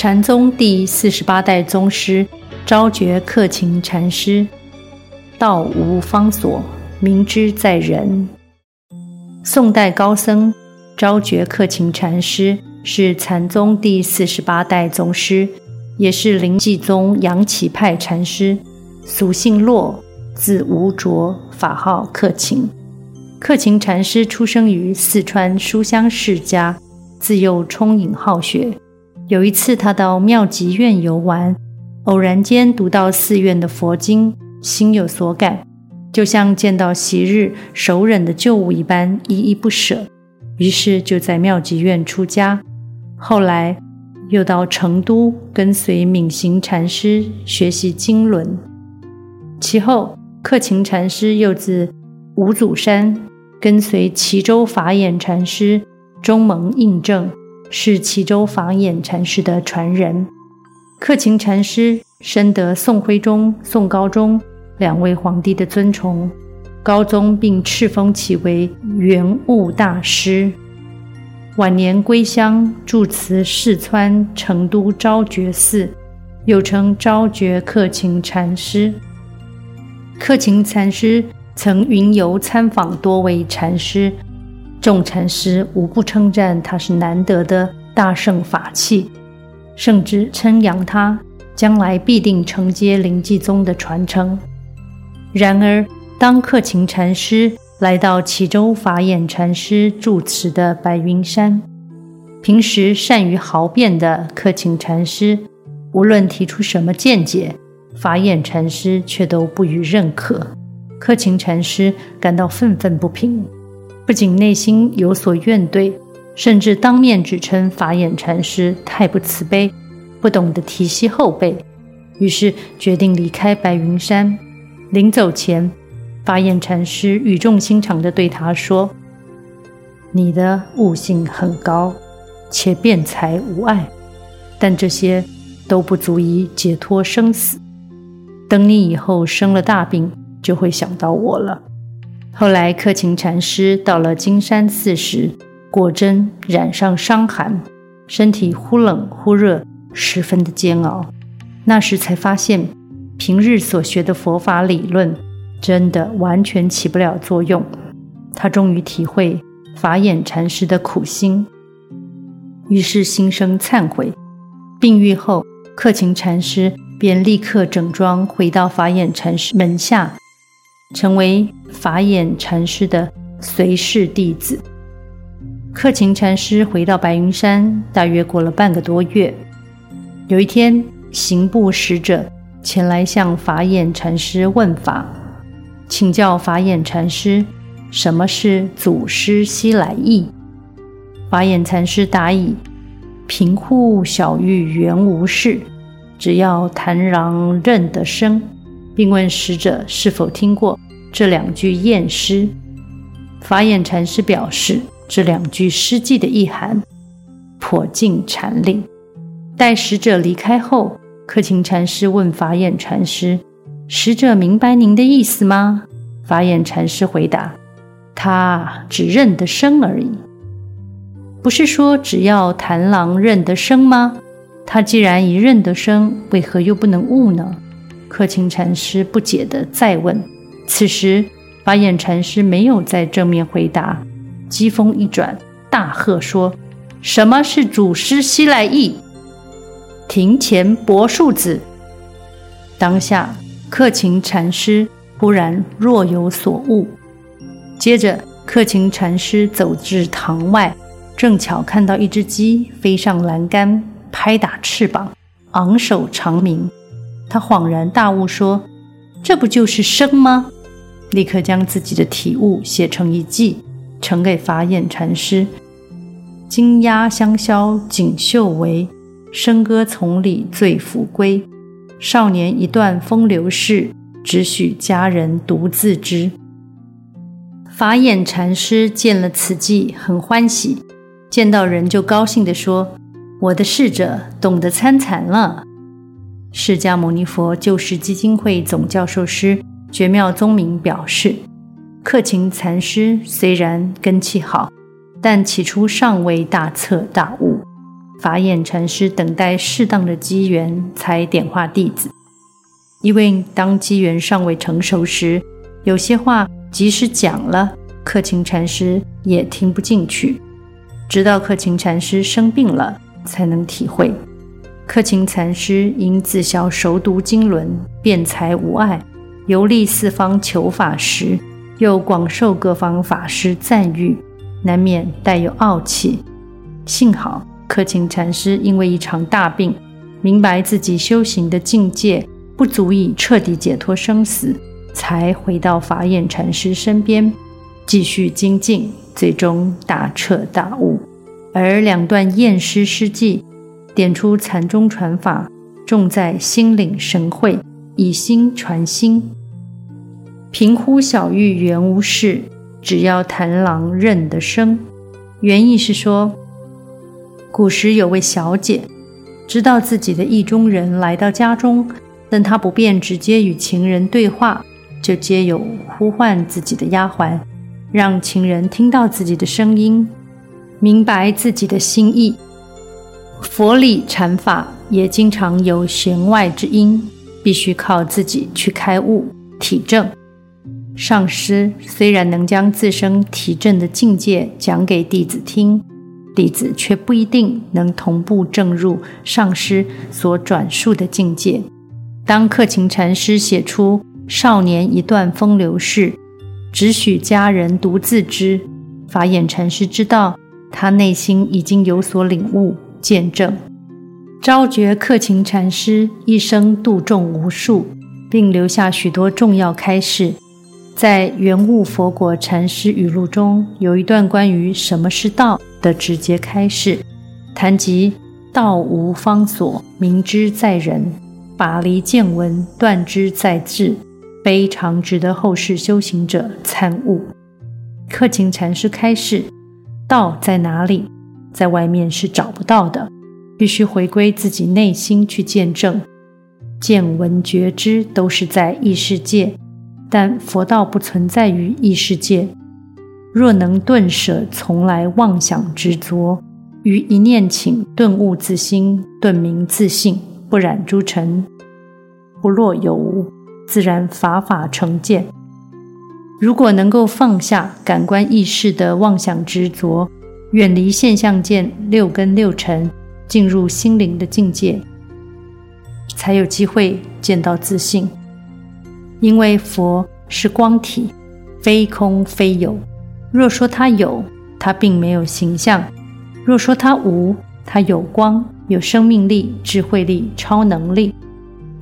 禪宗第四十八代宗師昭覺克勤禪師，道無方所，明之在人。宋代高僧昭覺克勤禪師是禪宗第四十八代宗師，也是臨濟宗楊岐派禪師，俗姓駱，字無著，法號克勤。克勤禪師出生於四川書香世家，自幼聰穎好學。有一次，他到妙寂院遊玩，偶然間讀到寺院的佛經，心有所感，就像見到昔日熟稔的舊物一般，依依不捨，於是就在妙寂院出家。後來，又到成都跟隨敏行禪師學習經綸。其後，克勤禪師又自五祖山跟隨蘄州法演禪師，終蒙印證。是蘄州法演禪師的傳人，克勤禪師深得宋徽宗、宋高宗兩位皇帝的尊崇，高宗並敕封其為圜悟大師。晚年歸鄉，住持四川成都昭覺寺，又稱昭覺克勤禪師。克勤禪師曾雲遊參訪多位禪師。眾禪師無不稱讚他是難得的大乘法器，甚至稱揚他，將來必定承接臨濟宗的傳承。然而，當克勤禪師來到蘄州法演禪師住持的白雲山，平時善於豪辯的克勤禪師，無論提出什麼見解，法演禪師卻都不予認可。克勤禪師感到憤憤不平。不僅內心有所怨懟，甚至當面指稱法演禪師太不慈悲，不懂得提攜後輩，於是決定離開白雲山。臨走前，法演禪師語重心長地對他說：“你的悟性很高，且辯才無礙，但這些都不足以解脫生死。等你以後生了大病，就會想到我了。”後來，克勤禪師到了金山寺時，果真染上傷寒，身體忽冷忽熱，十分的煎熬。那時才發現，平日所學的佛法理論，真的完全起不了作用。他終於體會法演禪師的苦心，於是心生懺悔。病愈後，克勤禪師便立刻整裝回到法演禪師門下。成為法演禪師的隨侍弟子。克勤禪師回到白雲山，大約過了半個多月。有一天，刑部使者前來向法演禪師問法，請教法演禪師什麼是祖師西來意。法演禪師答以：“頻呼小玉原無事，只要檀郎認得聲。”並問使者是否聽過這兩句艷詩。法演禪師表示這兩句詩偈的意涵頗盡禪令。待使者離開後，克勤禪師問法演禪師：“使者明白您的意思嗎？”法演禪師回答：“他只認得聲而已，不是說只要檀郎認得聲嗎？他既然已認得聲，為何又不能悟呢？”克勤禪師不解地再問，此時法演禪師沒有再正面回答，機鋒一轉，大喝說：“什麼是祖師西來意？庭前柏樹子。”當下，克勤禪師忽然若有所悟。接着，克勤禪師走至堂外，正巧看到一隻雞飛上欄杆，拍打翅膀，昂首長鳴。他恍然大悟說：“這不就是生嗎？”立刻將自己的體悟寫成一偈，呈給法演禪師：“金鴨香消錦繡圍，笙歌叢裡醉扶歸。少年一段風流事，只許佳人獨自知。”法演禪師見了此偈，很歡喜，見到人就高興地說：“我的侍者懂得參禪了。”釋迦牟尼佛救世基金會總教授師覺妙宗明表示，克勤禪師雖然根器好，但起初尚未大徹大悟。法演禪師等待適當的機緣才點化弟子，因為當機緣尚未成熟時，有些話即使講了，克勤禪師也聽不進去。直到克勤禪師生病了，才能體會。克勤禪師因自小熟讀經綸，辯才無礙，遊歷四方求法時，又廣受各方法師讚譽，難免帶有傲氣。幸好克勤禪師因為一場大病，明白自己修行的境界不足以徹底解脫生死，才回到法演禪師身邊，繼續精進，最終大徹大悟。而兩段驗師詩偈，點出禪宗傳法，重在心領神會，以心傳心。「頻呼小玉原無事，只要檀郎認得聲。原意是說，古時有位小姐，知道自己的意中人來到家中，但她不便直接與情人對話，就借由呼喚自己的丫鬟，讓情人聽到自己的聲音，明白自己的心意。佛理禪法也經常有弦外之音，必須靠自己去開悟體證。上師雖然能將自身體證的境界講給弟子聽，弟子卻不一定能同步證入上師所轉述的境界。當克勤禪師寫出“少年一段風流事，只許佳人獨自知”，法演禪師知道他內心已經有所領悟。見證，昭覺克勤禪師一生度眾無數，並留下許多重要開示。在《圓悟佛果禪師語錄》中，有一段關於什麼是道的直接開示，談及“道無方所，明之在人；法離見聞，斷之在智”，非常值得後世修行者參悟。克勤禪師開示：“道在哪裡？”在外面是找不到的，必須回歸自己內心去見證。見聞覺知都是在意識界，但佛道不存在於意識界。若能頓捨從來妄想執着於一念頃頓悟自心頓明自性，不染諸塵，不落有無，自然法法成見。如果能夠放下感官意識的妄想執着。遠離現象界六根六塵，進入心靈的境界，才有機會見到自信。因為佛是光體，非空非有。若說它有，它並沒有形象；若說它無，它有光、有生命力、智慧力、超能力，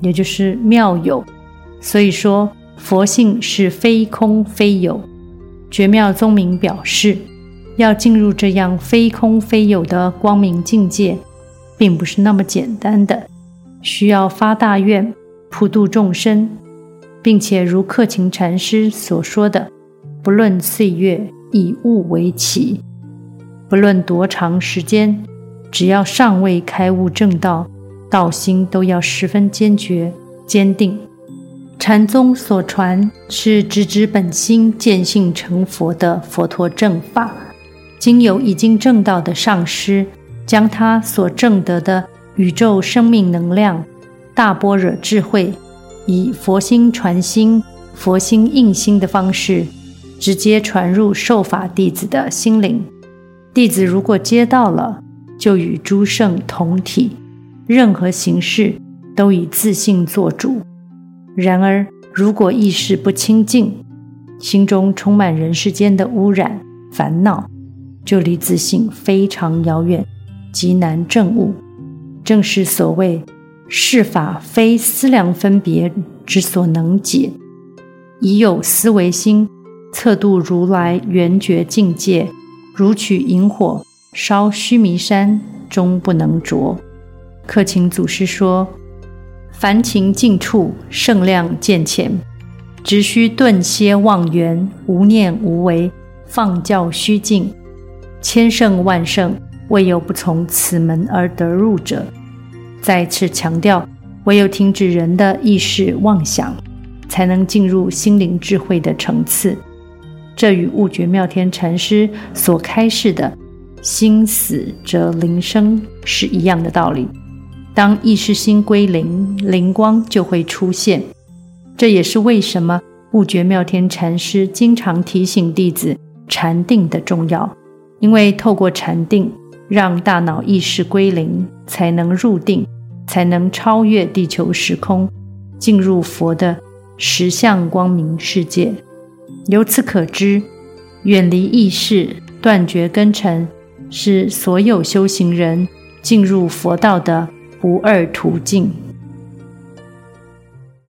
也就是妙有。所以說，佛性是非空非有，絕妙宗明表示。要進入這樣非空非有的光明境界，並不是那麼簡單的，需要發大願，普度眾生，並且如克勤禪師所說的，不論歲月，以悟為期，不論多長時間，只要尚未開悟正道，道心都要十分堅決、堅定。禪宗所傳是直指本心、見性成佛的佛陀正法。經由已經證道的上師，將他所證得的宇宙生命能量、大般若智慧，以佛心傳心、佛心印心的方式，直接傳入受法弟子的心靈。弟子如果接到了，就與諸聖同體，任何形式都以自性做主。然而，如果意識不清淨，心中充滿人世間的污染煩惱，就離自性非常遙遠，極難證悟，正是所謂“是法非思量分別之所能解”。以有思維心，測度如來圓覺境界，如取螢火燒須彌山，終不能着。克勤祖師說：“凡情盡處，聖量現前，只需頓歇妄緣，無念無為，放教虛靜。”千聖萬聖，未有不從此門而得入者。再次強調，唯有停止人的意識妄想，才能進入心靈智慧的層次。這與悟覺妙天禪師所開示的心死則靈生是一樣的道理。當意識心歸零，靈光就會出現。這也是為什麼悟覺妙天禪師經常提醒弟子禪定的重要。因為透過禪定，讓大腦意識歸零，才能入定，才能超越地球時空，進入佛的實相光明世界。由此可知，遠離意識、斷絕根塵，是所有修行人進入佛道的不二途徑。